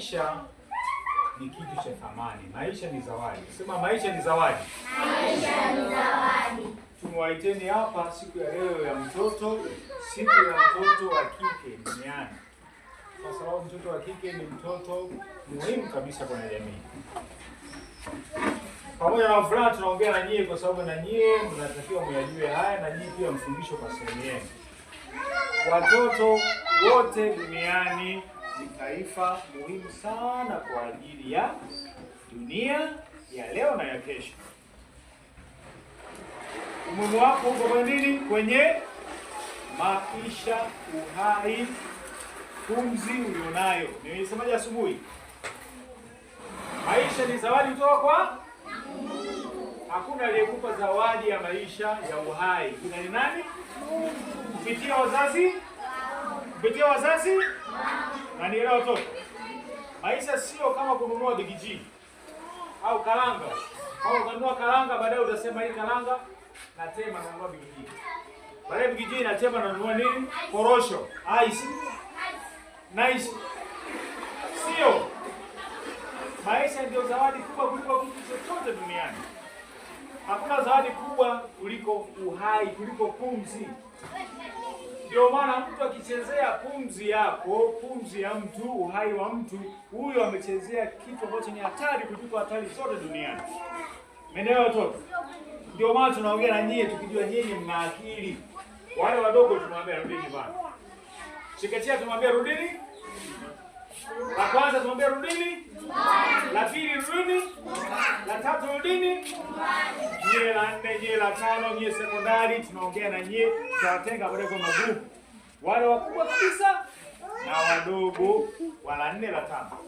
maisha ni kitu cha thamani. Maisha ni zawadi. Sema maisha ni zawadi. Maisha ni zawadi. Tumewaiteni hapa siku ya leo ya mtoto, siku ya mtoto wa kike duniani, kwa sababu mtoto wa kike ni mtoto muhimu kabisa kwenye jamii. Pamoja na furaha, tunaongea na nyie kwa sababu na nyie mnatakiwa muyajue haya, na nyie pia mfundisho kwa sehemu yenu. Watoto wote duniani ni taifa muhimu sana kwa ajili ya dunia ya leo na ya kesho. Umuhimu wako uko kwenye nini? Kwenye maisha, uhai, pumzi ulionayo. Nimesemaje asubuhi? Maisha ni zawadi kutoka kwa Hakuna aliyekupa zawadi ya maisha ya uhai. Kuna ni nani? Kupitia wazazi kupitia wazazi na nielewa watoto. Maisha sio kama kununua bigijii au karanga au ukanunua karanga, baadaye utasema hii karanga natema nunua bigijii, baadaye bigijii natema nunua nini, korosho ice nice. Sio, maisha ndio zawadi kubwa kuliko kitu chochote duniani. Hakuna zawadi kubwa kuliko uhai, kuliko pumzi. Ndio maana mtu akichezea pumzi yako, pumzi ya mtu, uhai wa mtu, huyo amechezea kitu ambacho ni hatari kuliko hatari zote duniani. Umeelewa watoto? Ndio maana tunaongea na nyie, tukijua nyinyi mna akili. Wale wadogo tumwambia rudini bana. Chekechea tumwambia rudini la kwanza tuombe rudini, la pili rudini, la tatu rudini. Nyie la nne, nyie la tano, nyie sekondari, tunaongea na nyie, tutawatenga kwa magrupu, wale wakubwa kabisa na wadogo, wala nne la tano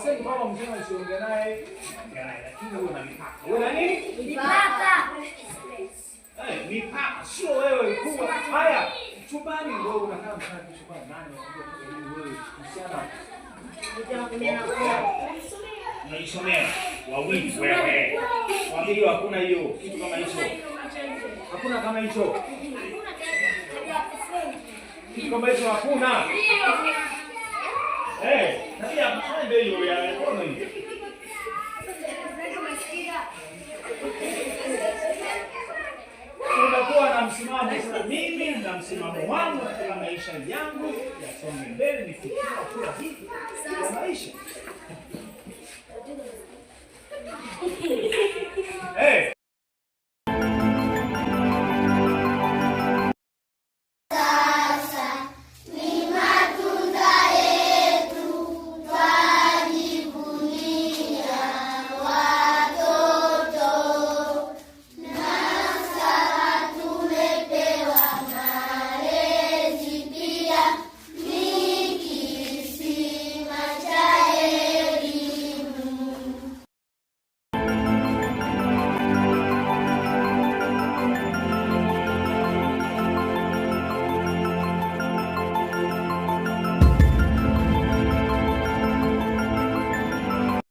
Hawasemi kwamba mzima usiongee naye, lakini huwe na mipaka. Wewe nani? Mipaka. Eh, mipaka sio wewe kuwa haya chumbani ndio unakaa mchana kesho nani unakuja kwa wewe kusiana. Unaisomea wawili wewe. Wawili hakuna hiyo kitu kama hicho. Hakuna kama hicho. Kitu kama hicho hakuna. Eh, tabia hadi ya. Oğlum. Unakuwa na msimamo sasa. Mimi na msimamo wangu katika maisha yangu yasonge mbele, nifikia hatua hii maisha